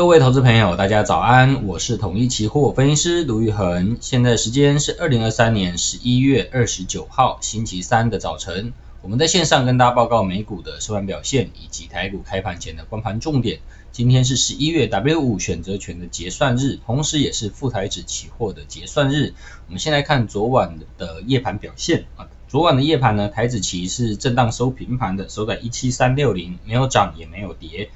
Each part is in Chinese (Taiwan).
各位投資朋友，大家早安，我是統一期貨分析師盧昱衡，現在時間是二零二三年十一月二十九號星期三的早晨，我們在線上跟大家報告美股的收盤表現以及台股開盤前的觀盤重點。今天是十一月 W 五選擇權的結算日，同時也是富台指期貨的結算日。我們先來看昨晚的夜盤表現啊，昨晚的夜盤呢，台指期是震盪收平盤的，收在一七三六零，沒有漲也沒有跌。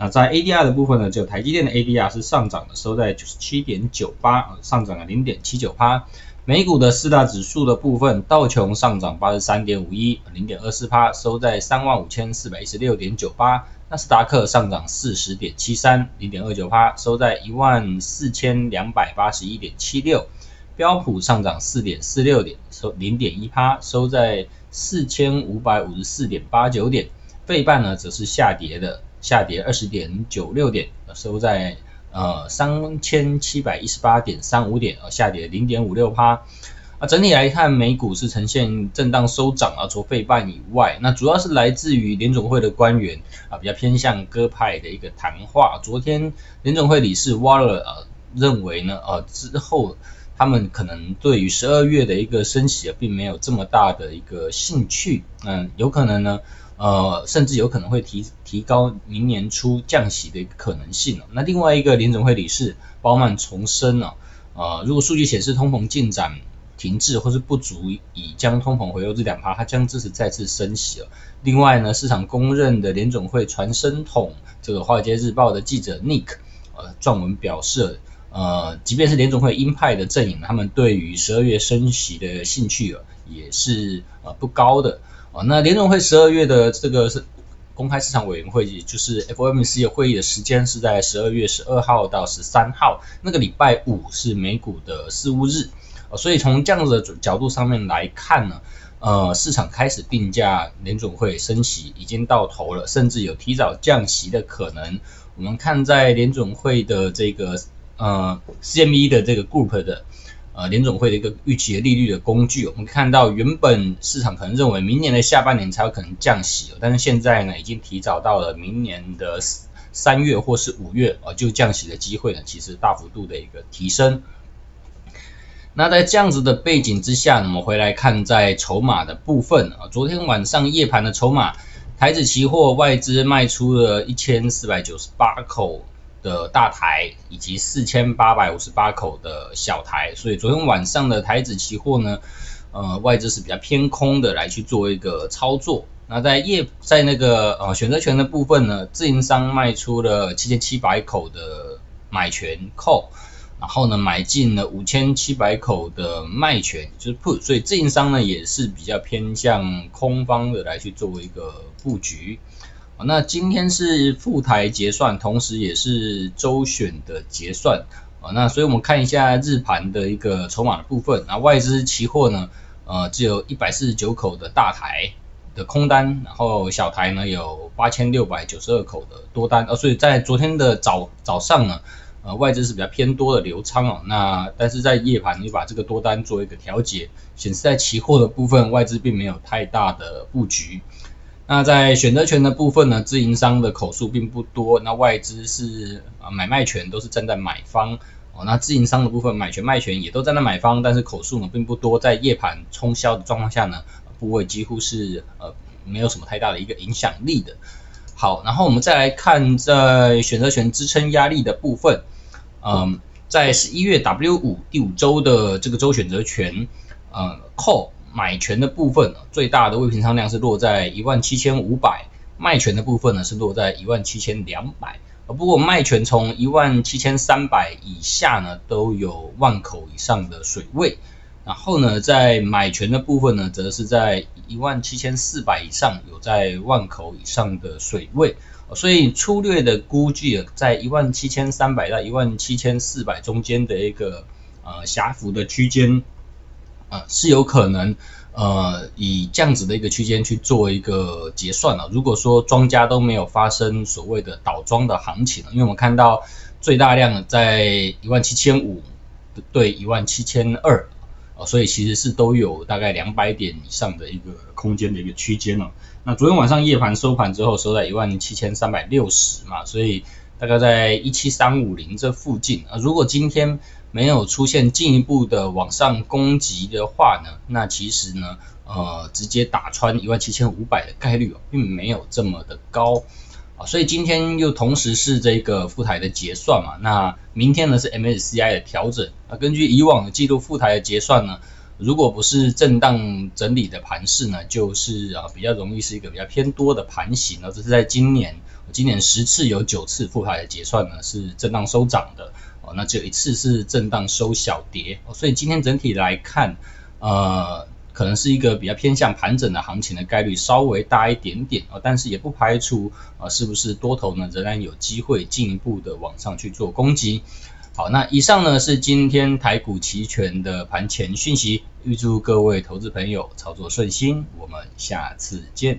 那在 ADR 的部分呢，就台積電的 ADR 是上漲的，收在九十七點九八，上漲了零點七九趴。美股的四大指數的部分，道瓊上漲八十三點五一，零點二四趴，收在三萬五千四百一十六點九八。納斯達克上漲四十點七三，零點二九趴，收在一萬四千兩百八十一點七六。標普上漲四點四六點，收零點一趴，收在四千五百五十四點八九點。費半呢則是下跌的。下跌二十點九六點，收在呃三千七百一十八點三五點，下跌零點五六趴。那、呃、整體來看，美股是呈現震盪收漲啊，除費半以外，那主要是來自於聯準會的官員啊、呃、比較偏向鴿派的一個談話。昨天聯準會理事沃勒、呃、認為呢，呃之後他們可能對於十二月的一個升息、啊、並沒有這麼大的一個興趣。嗯、呃，有可能呢。呃，甚至有可能會提提高明年初降息的一個可能性哦。那另外一個聯總會理事鮑曼重申了哦，呃，如果數據顯示通膨進展停滯或是不足以將通膨回落至兩趴，他將支持再次升息了哦。另外呢，市場公認的聯總會傳聲筒這個華爾街日報的記者 Nick，呃，撰文表示，呃，即便是聯總會鷹派的陣營，他們對於十二月升息的興趣呃也是呃不高的。那聯準會十二月的這個是公開市場委員會議，就是 FOMC 會議的時間是在十二月十二號到十三號，那個禮拜五是美股的四巫日，所以從這樣子的角度上面來看呢，呃，市場開始定價聯準會升息已經到頭了，甚至有提早降息的可能。我們看在聯準會的這個呃 CME 的這個 group 的。呃，聯準會的一個預期的利率的工具，我們看到原本市場可能認為明年的下半年才有可能降息，但是現在呢，已經提早到了明年的三月或是五月啊，就降息的機會呢，其實大幅度的一個提升。那在這樣子的背景之下呢，我們回來看在籌碼的部分啊，昨天晚上夜盤的籌碼，台指期貨外資賣出了一千四百九十八口。的大台以及四千八百五十八口的小台，所以昨天晚上的台指期貨呢，呃，外資是比較偏空的來去做一個操作。那在夜在那個呃選擇權的部分呢，自營商賣出了七千七百口的買權 call，然後呢買進了五千七百口的賣權，就是 put。所以自營商呢也是比較偏向空方的來去做一個布局。那今天是富台結算，同時也是周選的結算。啊，那所以我們看一下日盤的一個籌碼的部分。那外資期貨呢，呃，只有一百四十九口的大台的空單，然後小台呢有八千六百九十二口的多單。呃，所以在昨天的早早上呢，呃，外資是比較偏多的留倉哦。那但是在夜盤就把這個多單做一個調節。顯示在期貨的部分，外資並沒有太大的佈局。那在選擇權的部分呢，自營商的口數並不多。那外資是啊買賣權都是站在買方哦。那自營商的部分買權賣權也都站在買方，但是口數呢並不多。在夜盤衝銷的狀況下呢，部位幾乎是呃沒有什麼太大的一個影響力的。好，然後我們再來看在選擇權支撐壓力的部分，嗯、呃，在十一月 W 五第五週的這個週選擇權，嗯、呃，Call。買權的部分、啊、最大的未平倉量是落在一萬七千五百，賣權的部分呢是落在一萬七千兩百，不過賣權從一萬七千三百以下呢都有萬口以上的水位，然後呢在買權的部分呢則是在一萬七千四百以上有在萬口以上的水位，所以粗略的估計、啊、在一萬七千三百到一萬七千四百中間的一個呃狹幅的區間。呃，是有可能，呃，以這樣子的一個區間去做一個結算，啊，如果說莊家都沒有發生所謂的倒莊的行情，啊，因為我們看到最大量在一萬七千五對一萬七千二，啊，所以其實是都有大概兩百點以上的一個空間的一個區間了。那昨天晚上夜盤收盤之後收在一萬七千三百六十嘛，所以大概在一七三五零這附近啊。如果今天沒有出現進一步的往上攻擊的話呢，那其實呢，呃，直接打穿一萬七千五百的概率並沒有這麼的高啊，所以今天又同時是這個富台的結算嘛、啊，那明天呢是 M S C I 的調整，那、啊、根據以往的記錄，富台的結算呢，如果不是震盪整理的盤勢呢，就是啊比較容易是一個比較偏多的盤型啊，這是在今年今年十次有九次富台的結算呢是震盪收漲的。那只有一次是震盪收小跌，所以今天整體來看，呃，可能是一個比較偏向盤整的行情的概率稍微大一點點啊，但是也不排除啊，是不是多頭呢仍然有機會進一步的往上去做攻擊。好，那以上呢是今天台股期權的盤前訊息，預祝各位投資朋友操作順心，我們下次見。